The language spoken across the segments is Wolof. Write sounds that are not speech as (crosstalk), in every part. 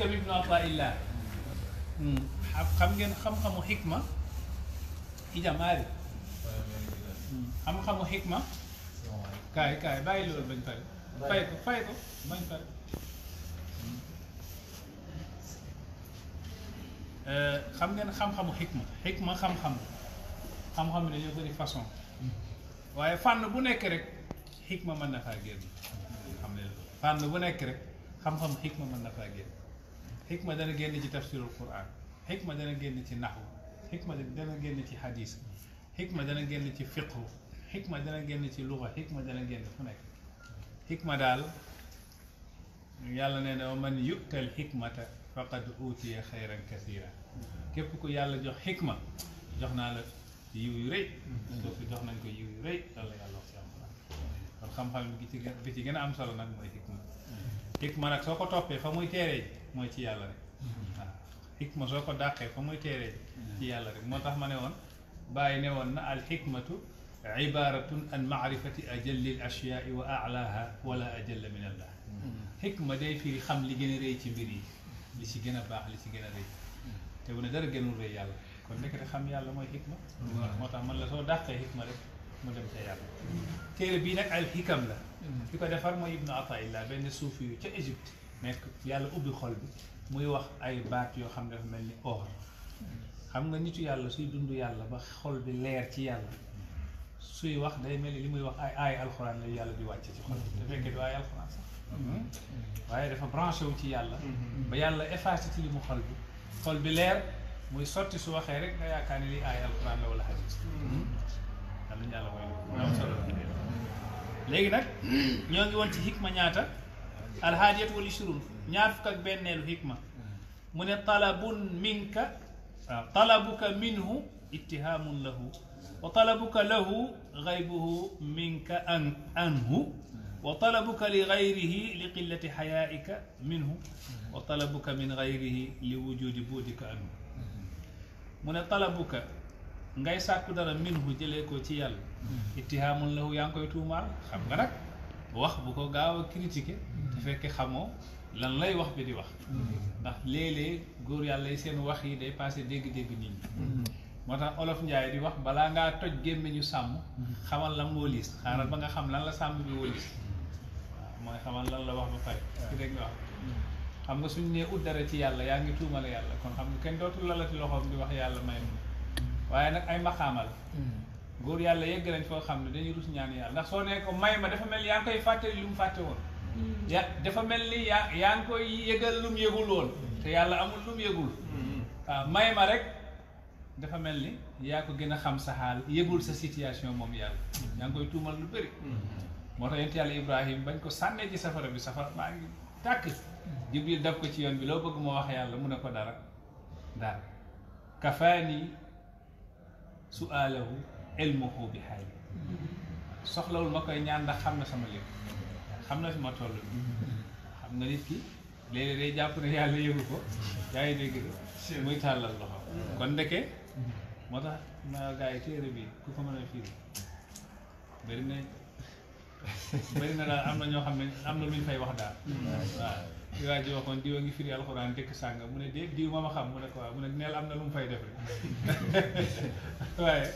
حكم ابن عطاء الله خم جن خم خم حكمة إذا ما أدري خم خم حكمة كاي كاي باي لور بن فاي فاي فاي بن فاي آه، خم جن خم خم حكمة حكمة خم خم خم خم من يوتي فاسون waaye fànn bu nekk rek xikma mën na faa génn xam ne fànn bu nekk rek xam-xam xikma mën na faa génn xikma dana génn ci tafsirul quran xikma dana génn ci naxu xikma dana génn ci hadis xikma dana génn ci fiqhu xikma dana génn ci luga xikma dana génn fu nekk xikma daal yàlla nee na man yu'tal xikmata faqad utiya xayran kasira képp ku yàlla jox xikma jox naa la yiw yu rëy doofi jox nañ ko yiw yu rëy loolu la yàlla wax ci am kon xam-xam bi ci bi ci gën a am solo nag mooy xikma xikma nag soo ko toppee fa muy teeree mooy ci yàlla rek waaw xikma soo ko dàqee fa muy téere ci yàlla rek moo tax ma ne woon bàyyi ne woon na al xikmatu ibaratun an maarifati ajalli al ashyai wa alaha wala ajalla min allah xikma day firi xam li gën a rëy ci mbir yi li ci gën a baax li ci gën a rëy te bu ne dara gënul rëy yàlla kon nekkati xam yàlla mooy xikma moo tax man la soo dàqee xikma rek mu dem ca yàlla téere bii nag al xikam la ki ko defar mooy ibnu ataillah benn suufi yu ca égypte nekk yàlla ubbi xol bi muy wax ay baat yoo xam ne dafa mel ni or xam nga nitu yàlla suy dund yàlla ba xol bi leer ci yàlla suy wax day mel ni li muy wax ay ay alxuraan la yàlla di wàcce ci xol bi te waaye dafa branché wu ci yàlla ba yàlla effacé ci li xol bi xol bi leer muy sotti su waxee rek nga yaakaar ni lii ay alxuraan la wala xadis yàlla ñu yàlla mooy léegi nag ñoo ngi woon ci xikma ñaata alhaadiyat wal ishruun ñaar fukk ak benneelu hikma mu ne talabun minka waaw talabuka minhu ittihaamun lahu wa talabuka lahu gaybuhu minka an anhu wa talabuka li gayrihi li qillati xayaaika minhu wa talabuka min gayrihi li wujudi buudika anhu mu ne talabuka ngay sàkku dara minhu jëlee ko ci yàlla ittihaamun lahu yaa ngi koy tuumaal xam nga nag wax bu ko gaaw a critiquer te fekk xamoo lan lay wax bi di wax ndax léeg-léeg góor yàlla yi seen wax yi day passé dégg-dégg nii moo tax olof njaay di wax balaa ngaa toj gémmiñu sàmm xamal lan moo liis ba nga xam lan la sàmm bi wóliis waaw mooy xamal lan la wax ba pare ki dégg nga xam nga suñ ne ut dara ci yàlla yaa ngi tuumale yàlla kon xam nga kenn dootul lalati loxoom di wax yàlla may mu waaye nag ay maxaamal góor yàlla yegg nañ foo xam ne dañuy rus ñaan yàlla ndax soo ne ko may ma dafa mel yaa ngi koy fàttali lu mu fàtte woon mm. ya dafa mel ni yaa yaa ngi koy yëgal lu mu yëgul woon te yàlla amul lu mu yëgul mm. ah, may ma rek dafa mel ni yaa ko gën a xam sa yëgul sa situation moom yàlla mm. yaa ngi koy tuumal lu bëri moo tax yent yàlla ibrahim bañ ko sànnee ci safara bi safara maa ngi tàkk jibril daf ko ci yoon bi loo bëgg ma wax yàlla mu ne ko dara dara kafaani ilmuhu bi xaali soxlawul ma koy ñaan ndax xam na sama lépp xam na fi ma toll xam nga nit ki léeg-léeg jàpp ne yàlla yëgu ko yaa ngi dégg muy tàllal loxo mm-hmm. kon ndeke moo tax ma gars téere bi ku ko mën a firi bëri na bëri na daal am na ñoo xam ne am na lu ñu fay wax daal mm-hmm. waaw li waa ji waxoon diw a ngi firi alxuraan dëkk sànga mu ne de diw ma ma xam mu ne ko waaw mu ne neel am na lu mu fay def rek (laughs) waaye (laughs)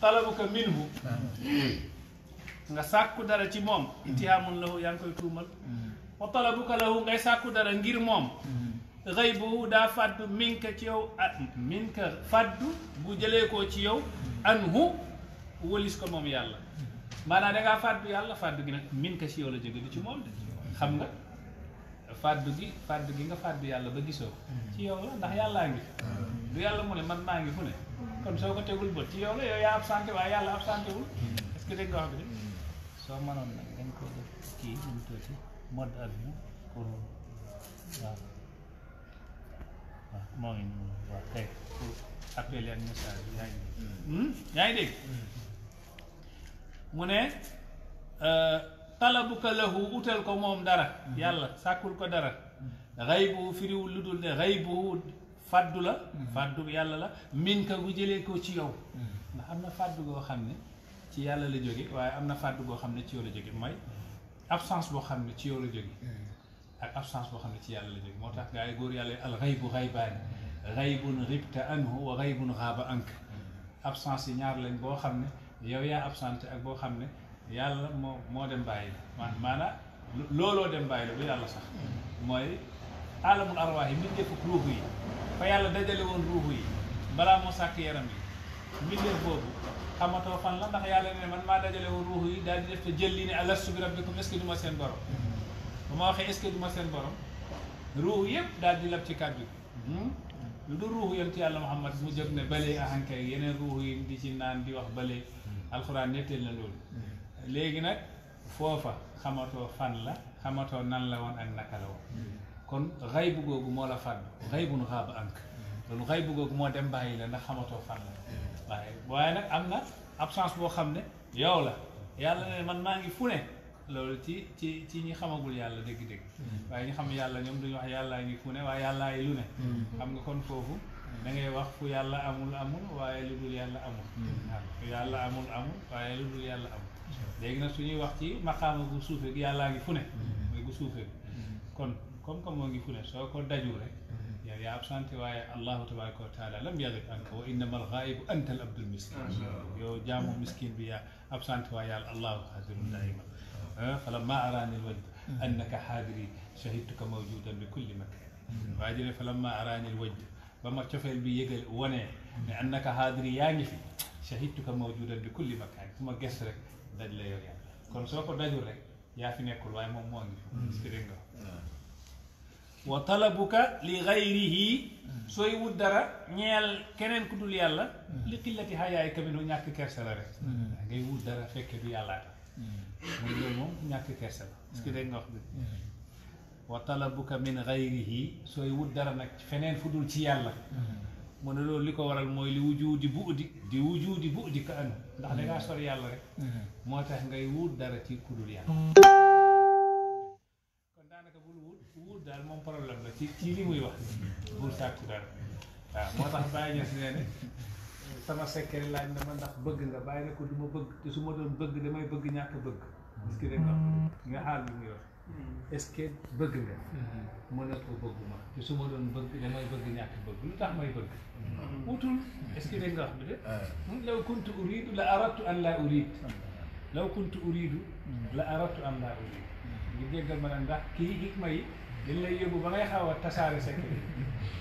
talabuka minhu nga sàkku dara ci moom itihaamun lahu yaa ngi koy tuumal wa talabuka lahu ngay sàkku dara ngir moom rëy boobu daa fàddu minka ci yow ah minka fàddu bu jëlee koo ci yow anhu wëlis ko moom yàlla maanaam dangaa fàddu yàlla fàddu gi nag minka ci yow la jóge du ci moom de xam nga fàddu gi fàddu gi nga fàddu yàlla ba gisoo hmm. ci yow la ndax yàllaa ngi hmm. du yàlla mu ne man maa ngi fu ne kon soo ko tegul bët ci yow la yow yaa absenté waaye yàlla absenté wul hmm. nga wax bi de soo mënoon nag dañ ko def kii ñu tuuti mode yaa ngi dégg yaa ngi mu ne euh, talabuka lahu utal ko moom dara yàlla sàkkul ko dara xaybuhu firiwul lu dul ne xaybuhu faddu la faddu yàlla la min ka bu jëlee ko ci yow ndax am na faddu goo xam ne ci yàlla la jóge waaye am na faddu goo xam ne ci yow la jóge mooy absence boo xam ne ci yow la jóge ak absence boo xam ne ci yàlla la jóge moo tax gaa yi góor yàlla al xaybu xaybaani xaybun ribta anhu wa xaybun xaaba ank absence yi ñaar lañ boo xam ne yow yaa absenté ak boo xam ne yàlla moo moo dem bàyyi la maanaam looloo dem bàyyi la bu yàlla sax mooy alamul arwaax yi mbindeefu ruux yi fa yàlla dajale woon ruux yi balaa moo sàkk yaram yi mbindeef boobu xamatoo fan la ndax yàlla ne man maa dajale woon ruux yi daal di jël lii ne alastu bi rabbikum est ma seen borom ma waxee yëpp daal di lab ci kàddu hmm? lu du ruux yonent yàlla Muhammad mu jóg ne bale ahankay yeneen ruux yi di ci naan di wax bale hmm. alxuraan netteel na loolu hmm. léegi nag foofa xamatoo fan la xamatoo nan la woon ak naka la woon kon xaybu googu moo la fàdd xaybun xaaba ank loolu xaybu googu moo dem bàyyi la ndax xamatoo fan la waaye waaye nag am na absence boo xam ne yow la yàlla ne man maa ngi fu ne loolu ci ci ci ñi xamagul yàlla dëgg-dëgg waaye ñi xam yàlla ñoom duñu wax yàllaa ngi fu ne waaye yàllaa yi lu ne xam nga kon foofu da ngay wax fu yàlla amul amul waaye lu dul yàlla amul yàlla amul amul waaye lu dul yàlla amul léegi nag su ñuy wax ci maqaama gu suufee gi yàllaa ngi fu ne mooy gu suufee kon comme que moo ngi fu ne soo ko daju rek yow yaa absenté waaye allahu tabaraka wa taala lam yadif anka wa innama alxaaibu anta al abdul miskin yow jaamu miskin bi yaa absenté waaye yàlla allahu xaadirun daima fa lamma araani al wajd annaka xaadiri shahidtuka mawjudan bi kulli makan waa ji ne fa lamma araani al wajd ba ma cofeel bi yëgal wonee ne annaka xaadiri yaa ngi fi shahidtuka mawjudan bi kulli makan su ma ges rek daj la yow yàlla kon soo ko dajul rek yaa mm. fi nekkul ah. waaye moom moo ngi inspiré wa talabuka li gayrihi sooy wut dara ñeel keneen ku dul yàlla mm. li xillati xayaay kamino ñàkk kersa la rek mm. ngay wut dara fekke du yàllaa tax loolu moom ñàkk kersa la parce wa talabuka min gayrihi sooy wut dara nag feneen fu dul ci yàlla mo ne loolu li ko waral mooy li wujuu di bu di di wujuu di bu ka anu ndax da ngaa hmm. sor yàlla ya, rek ya. hmm. moo tax ngay wut dara ya. hmm. kan ci kudul yàlla kon daanaka bul wut wut daal moom problème la ci ci li muy wax bul sàkku dara waaw moo tax bàyyi ñu nee ne sama sekkere laaj na ma ndax bëgg nga bàyyi ne ko du ma bëgg te su ma doon bëgg damay bëgg ñàkk bëgg parce que rek nga xaar bi gitu. muy wax escape bëgg nga mënatoo bëgguma te su ma doon bëgg damay bëgg ñàkk bëgg lu tax may bëgg wutul est ce que dégg nga wax bi de mun law kuntu uridu la aradtu an la urid law kuntu uridu la aradtu an la urid ngi déggal ma naan ndax kii xikma yi dañ lay yóbbu ba ngay xaw a tasaare sa kër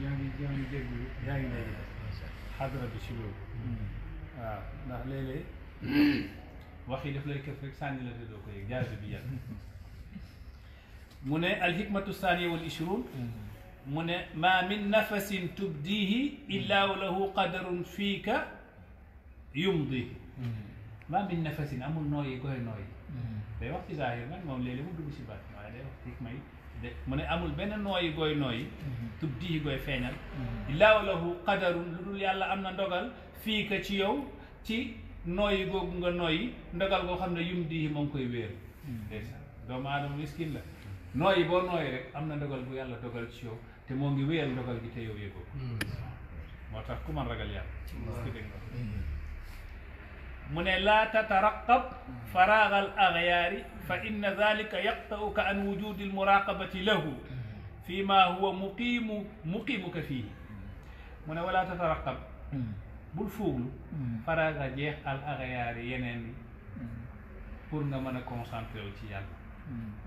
ñoo ngi ñoo ngi dégg yaa ngi lay xadra bi si loolu waaw ndax léeg-léeg wax yi daf lay këf rek sànni la te doo ko yëg jaarbi bi yàlla mu ne alhikmatu saaniya wal ishruun mm-hmm. mu ne maa min nafasin tubdihi illa wa lahu qadarun fiika yumdihi maa mm-hmm. min nafasin amul nooyi koy nooyi mm-hmm. day wax ci zaahir nag moom léeg-léeg mu dugg si baat waaye day wax hikma yi de mu ne amul benn nooyi gooy nooyi tubdihi gooy feeñal illa wa lahu qadarun lu dul yàlla am na ndogal fiika ci yow ci nooyi googu nga nooyi ndogal goo xam ne yumdihi moom koy wéeru doomu aadama miskin la nooyi boo nooyi rek am na dogal bu yàlla dogal ci yow te moo ngi wéyal dogal bi te yow yëgoo moo tax ku man ragal yàlla mu ne laa tataraqab faraaga al axyaari fa inna dalika yaqta'uka an wujudi al muraqabati lahu fi ma huwa muqiimu muqiimuka fiihi mu ne walaa tataraqab bul fuuglu faraaga jeex al axyaari yeneen yi pour nga mën a concentré wu ci yàlla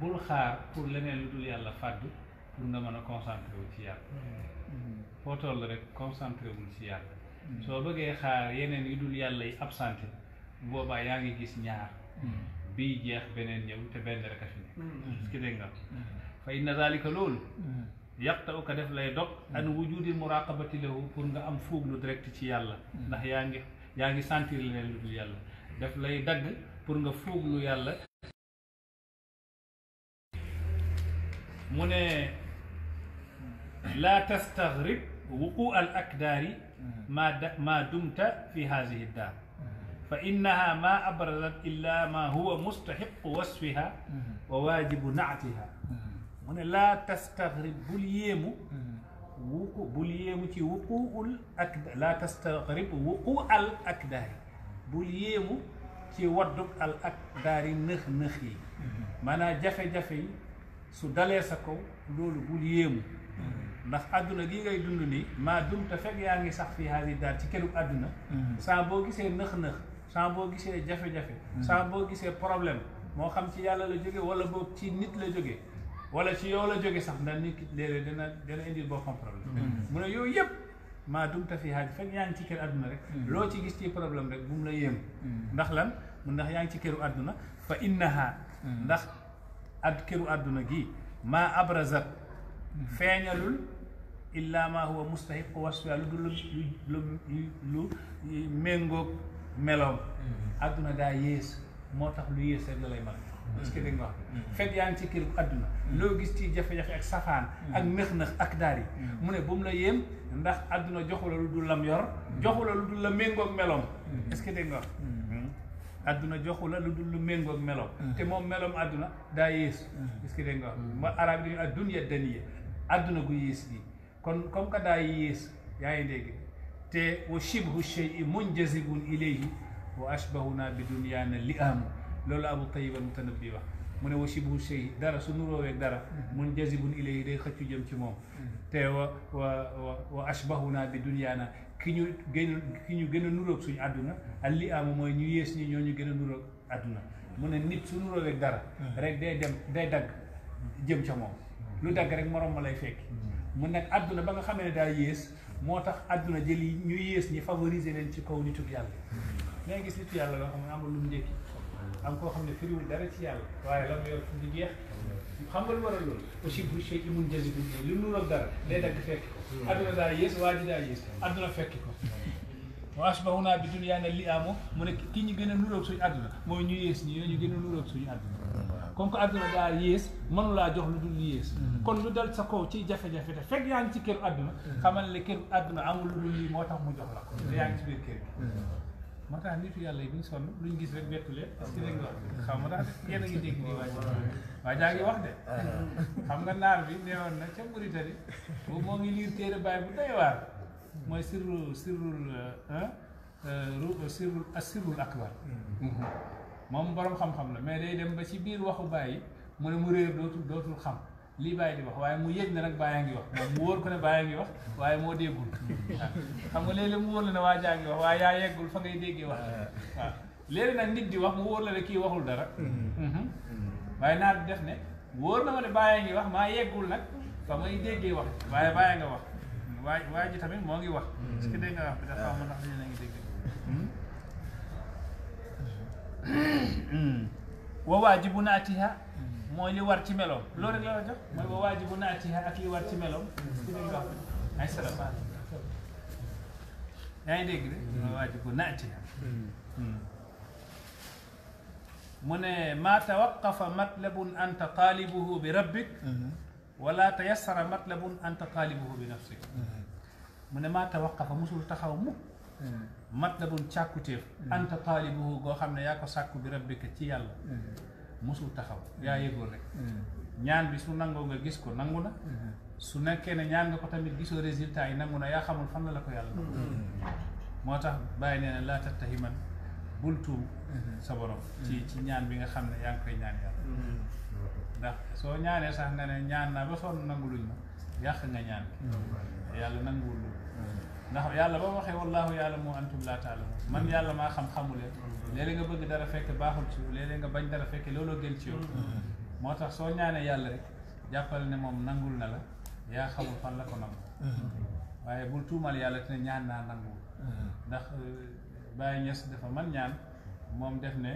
bul xaar pour leneen lu dul yàlla fàddu pour nga mën a concentré wu ci yàlla mm-hmm. foo toll rek concentré wul ci yàlla mm-hmm. soo bëggee xaar yeneen yu dul yàlla yi absenté boobaa yaa ngi gis ñaar mm-hmm. bii jeex beneen ñëw te benn rek a fi nekk parce que nga fa inna zalika loolu yàqta u ko def lay dog an wujudi muraqabati lahu pour nga am fuuglu direct ci yàlla ndax yaa ngi yaa ngi sentir leneen lu dul yàlla def lay dagg pour nga fuuglu yàlla من لا تستغرب وقوع الأكدار ما دمت في هذه الدار فإنها ما أبرزت إلا ما هو مستحق وصفها وواجب نعتها من لا تستغرب بليم وقوع بليم وقوع الأكدار لا تستغرب وقوع الأكدار بليم تي ودك الأكدار نخ نخي مانا جفي جفي su dalee sa kaw loolu bul yéemu ndax àdduna gi ngay dund nii maa dum te fekk yaa ngi sax fii haasi daal ci këru àdduna saa boo gisee nëx-nëx saa boo gisee jafe-jafe saa boo gisee problème moo xam ci yàlla la jóge wala boog ci nit la jóge wala ci yow la jóge sax ndax nit ki léeg-léeg dana dana indil boppam problème mu ne yooyu yëpp maa dum te fii haasi fekk yaa ngi ci kër àdduna rek loo ci gis ci problème rek bu mu la yéem ndax lan mu ndax yaa ngi ci këru àdduna fa innaha ndax ad këru àdduna gi ma abrazat feeñalul illa ma huwa mustahiq wasfiha lu dul lu lu méngoog meloom àdduna daa yées moo tax lu yées rek la lay mën parce que dégg nga wax fekk yaa ngi ci këru àdduna loo gis ci jafe-jafe ak safaan ak nëx-nëx ak daar yi mu ne bu mu la yéem ndax àdduna joxu la lu dul lam yor joxu la lu dul la méngoog meloom est ce que dégg nga wax àdduna joxu la lu dul lu méngoog meloom mm. te moom meloom àdduna daa yéesu mm. est-ce que dégg nga mm. ak dunya daniya àdduna gu yées gi kon comme que daa yées yaa ngi dégg te wa shibhu shay'i munjazibun ilayhi wa naa bi dunyaana li amu loolu abu tayyib al mutanabbi mu ne wasi bu sëy dara su nuróoweeg dara mhm. mun jazibun ilayhi day xëccu jëm ci moom mhm. te wa wa wa ashbahuna bi dunyaana ki ñu gën ki ñu gën a nuróog suñu àdduna mhm. al li am mooy ñu yées ñi ñoo ñu gën a nuróog àdduna mu ne nit su nuróoweeg dara rek day dem day dagg jëm ca moom lu dagg rek moroom ma lay fekki mun nag àdduna ba nga xamee ne daa yées moo tax àdduna jëli ñu yées ñi favoriser leen ci kaw nitu yàlla ngay gis nitu yàlla loo xam ne amul lu mu njëkki am koo xam ne firiwul dara ci yàlla waaye la mu yor fu mu jeex xam nga lu waral loolu aussi bu chey i mun jësi bu li mu nuroog dara day dagg fekk ko adduna daa yées waa ji daa yées adduna fekk ko wa asbahuna bi dunyaana li aamo mu ne ki ñu gën a nuroog suñu adduna mooy ñu yées ñi ñu gën a nuroog suñu adduna comme que adduna daa yées mënu laa jox lu dul yées kon lu dal sa kaw ci jafe-jafe te fekk yaa ngi ci këru adduna xamal ne këru adduna amul lu dul lii moo tax mu jox la ko yaa ngi ci biir kër gi moo tax nitu yàlla yi bu ñu sonn lu ñu gis rek bettu leen parce que léegi wax xam nga tax yéen a ngi dégg di waaj waa jaa ngi wax de xam nga naar bi neewoon na ca Mauritanie boobu moo ngi liir téere bàyyi bu doy waar mooy sirrul ah, sirrul sirrul sirrul akbar mm-hmm. moom borom xam-xam la mais day dem ba ci biir waxu bàyyi mu ne mu réer dootul dootul xam lii bàyyi di wax waaye mu yëg ne nag bàyyi ngi wax moom mu wóor ko ne bàyyi ngi wax waaye moo déggul xam nga léeg mu wóor ne waa jaa ngi wax waaye yaa yeggul fa ngay déggee wax waaw léegi nag nit di wax mu wóor la ne kii waxul dara mm-hmm. Mm-hmm. waaye naat def ne wóor na ma ne bàyyi ngi wax maa yeggul nag fa may déggee wax waaye bàyyi nga wax waay waa ji tamit moo ngi wax mm-hmm. est-ce que dégg nga wax bi dafa xam ndax dina ngi dégg (clears throat) wa waajibu naatiha mooy li war ci meloom loolu rek la la jox mooy wa waajibu naatiha ak li war ci meloom ci lañ wax ay salafaat yaa ngi dégg de mooy waajibu naatiha mu ne maa tawaqafa matlabun anta taalibuhu bi rabbik wala tayassara matlabun anta taalibuhu bi nafsik mu ne maa tawaqafa musul taxaw mukk matlabun càkkutéef anta taalibuhu goo xam ne yaa ko sàkku bi rabbika ci yàlla mosul taxaw yaa yëgoon rek hmm. ñaan bi su nangoo nga gis ko nangu na hmm. su nakkee ne ñaan nga ko tamit gisoo résultat yi nangu na yaa xamul fan la ko yàlla hmm. moo tax bàyyi nee na laa man bul tuum sa borom ci ci ñaan bi nga xam ne yaa ngi koy ñaan yàlla ndax soo ñaanee sax nga ne ñaan naa ba sonn nangu luñ ma yàq nga ñaan yàlla nanguwul loolu ndax yàlla ba mu waxee wallahu yaalamu antum laa taalamu man yàlla maa xam xamu leen léeg-léeg nga bëgg dara fekk baaxul ci yow léeg-léeg nga bañ dara fekk looloo gën ci yow moo tax soo ñaanee yàlla rek jàppal ne moom nangul na la yaa xamul fan la ko nangu waaye bul tuumal yàlla te ñaan naa nangul ndax Baye Niass dafa man ñaan moom def ne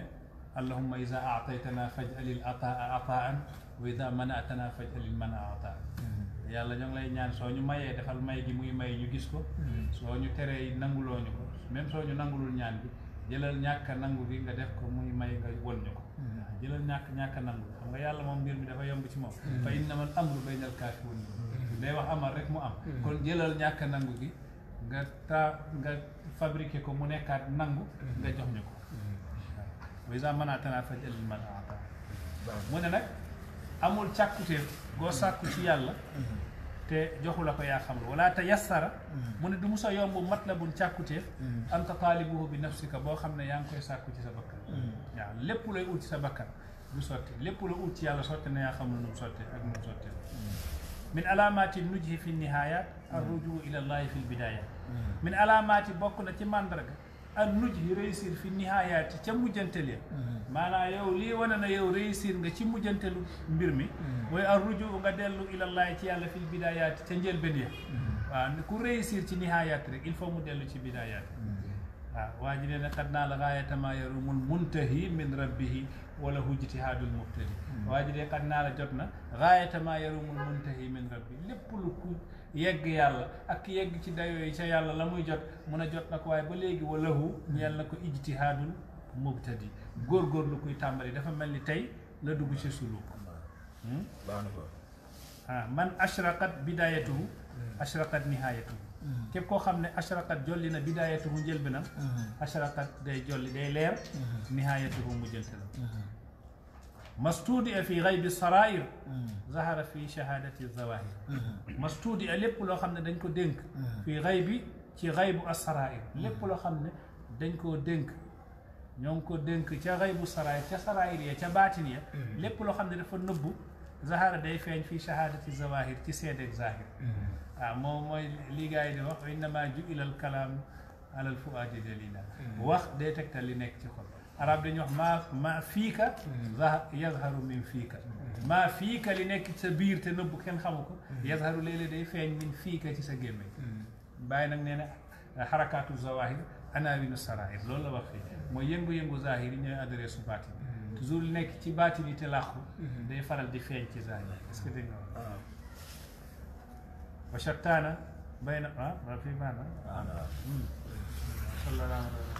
allahumma ida aataytana faj alil ataa ataan wa ida manatana faj alil mana ataan yàlla ñoo ngi lay ñaan soo ñu mayee defal may gi muy may ñu gis ko mm-hmm. soo ñu teree nanguloo ñu ko même soo ñu nangulul ñaan bi jëlal ñàkk nangu gi nga def ko muy may nga won ñu ko waaw mm-hmm. jëlal ñàkk ñàkk nangu yàlla moom mbir mi dafa yomb ci moom mm-hmm. fa innamal amru baynal kaafiriin day wax amal rek mu am kon jëlal ñàkk nangu gi nga ta nga fabriqué ko mu nekkaat nangu nga jox ñu ko wa iza mana'tana faj'al liman a'ta mu ne nag amul càkkutéef goo sàkku ci yàlla تجهل أخويا خمر ولا تيسر من دموسا يوم بمطلب تأكل أنت طالبه بنفسك أبو خمر نيان كويس أكل سبكة يعني لبولة أوت سبكة بسوت لبولة أوت يا لسوت نيا خمر نمسوت أجمع سوت من علامات النجح في النهاية الرجوع إلى الله في البداية من علامات بكون تمان درجة an nuji réussir fi nihayati ca mujjantale mhm. maanaam yow li wani na yow réussir nga ci mujantali mbir wai mhm. an ruju nga dellu ilallahi ci da fil bidayaati ca njëlbeen ya mhm. waaw ku réussir ci nihayat rek il faut mu dellu ci ta. waaw ah, waa ji nee na xat naa la gaayata maa yarumul muntahi min rabbihi wala hujtihaadul mubtadi hmm. waa ji dee xat naa la jot na gaayata maa yarumul muntahi min rabbi lépp lu ku yegg yàlla ak yegg ci dayoo yi ca yàlla la muy jot mun a jot nag waaye ba léegi wala hu ñeel na ko ijtihaadul mubtadi lu kuy tàmbali dafa mel ni tey la dugg ci suluk hmm? ah man ashraqat bidayatuhu hmm. ashraqat nihayatuhu képp koo xam ne ashraqat jolli na bidaayatuhu njëlbinam ashraqat day jolli day leer nihaayatuhu mu jëltinam mastuudia fi gaybi sarair zahara fi shahadati zawahir mastuudia lépp loo xam ne dañ ko dénk fi gaybi ci gaybu asarair lépp loo xam ne dañ koo dénk ñoo ngi ko dénk ca gaybu sarair ca sarair ya ca baatin ya lépp loo xam ne dafa nëbbu zahara day feeñ fii shahadati zawahir ci seedeeg zahir waaw moom mooy li gars yi di wax innama ju ilal kalaam alal fuaadi dalila wax day tegtal li nekk ci xol arab dañuy wax maa maa fiika yazharu min fiika maa fiika li nekk ci sa biir te nëbb kenn xamu ko yazharu léeg-léeg day feeñ min fiika ci sa gémmeñ bàyyi nag nee na xarakaatu zawahir anawinu sarair loolu la wax fii mooy yëngu-yëngu zahir yi ñooy adresse su baatin toujours li nekk ci baati bi te làqu day faral di feeñ ci zaay est ce que dégg nga waaw wa shartaana bayna ah ma fi maana sallallahu alayhi wa sallam